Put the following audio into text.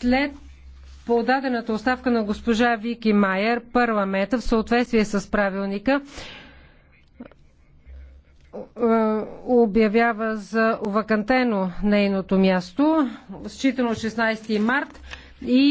След подадената оставка на госпожа Вики Майер, парламента в съответствие с правилника е, обявява за овакантено нейното място, считано 16 март и